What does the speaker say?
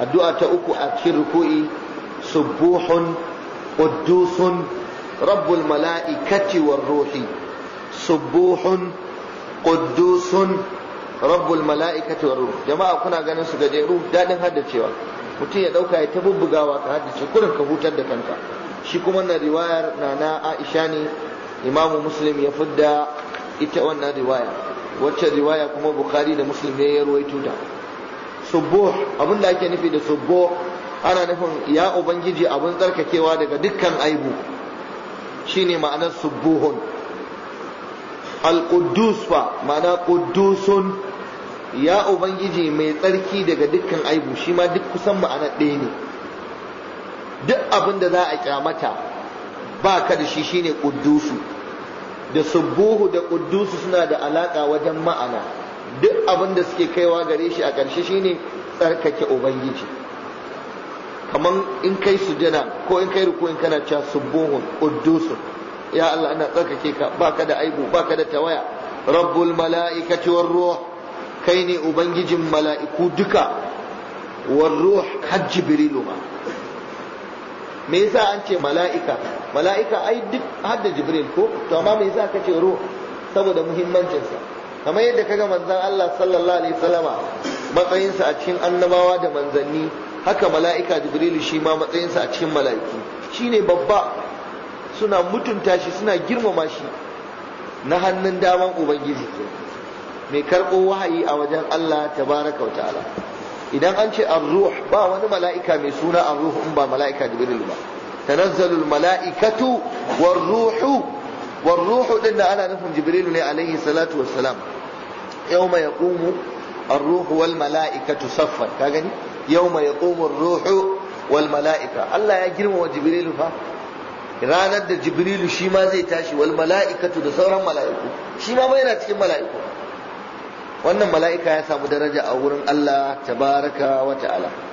addu'a ta uku a cikin ruku'i subuhun quddusun rabbul mala'ikati war ruhi subuhun quddusun rabbul mala'ikati war ruhi jama'a kuna ganin su gajeru dadin haddacewa mutum ya dauka ya ta bubbugawa ka haddace kurin ka hutar da kanka shi kuma na riwayar nana Aisha ne imamu muslim ya fidda ita wannan riwaya wacce riwaya kuma bukhari da muslim ne ya ruwaito ta subuh abin da ake nufi da subuh ana nufin ya ubangiji abin tsarkakewa daga dukkan aibu shine ma'anar subuhun al-quddus fa ma'ana quddusun ya ubangiji mai tsarki daga dukkan aibu shi ma duk kusan ma'ana ɗaya ne duk abin da za a kyamata ba ka da shi shine quddusu da subuhu da quddusu suna da alaka wajen ma'ana duk abin da suke kaiwa gare shi a ƙarshe shine tsarkake ubangiji kamar in kai su jana ko in kai rukun kana cewa subuhun quddusun ya Allah ina tsarkake ka baka da aibu baka da tawaya rabbul mala'ikati war ruh kai ne ubangijin mala'iku duka war ruh har jibrilu ma me yasa an ce mala'ika mala'ika ai duk har da jibril ko to amma me yasa kace ruh saboda muhimmancinsa kamar yadda kaga manzan Allah sallallahu alaihi wasallama matsayinsa a cikin annabawa da manzanni haka mala'ika jibrilu shi ma matsayinsa a cikin mala'iki shine babba suna mutunta shi suna girmama shi na hannun daman ubangiji mai karɓo wahayi a wajen Allah tabaraka wa ta'ala idan an ce ar-ruh ba wani mala'ika mai suna ar-ruh in ba mala'ika jibril ba tanazzalul mala'ikatu war-ruhu والروح ruhu على da جبريل عليه الصلاة والسلام يوم salatu الروح والملائكة صفا يوم ruhu الروح والملائكة saffan ka gani yawma yaqumu ruhu Allah ya girmama fa ranar da jibrilu shi ma zai tashi wal mala'ikatu da sauran mala'iku shi ma yana cikin mala'iku wannan mala'ika ya samu daraja a wurin Allah tabaraka wa ta'ala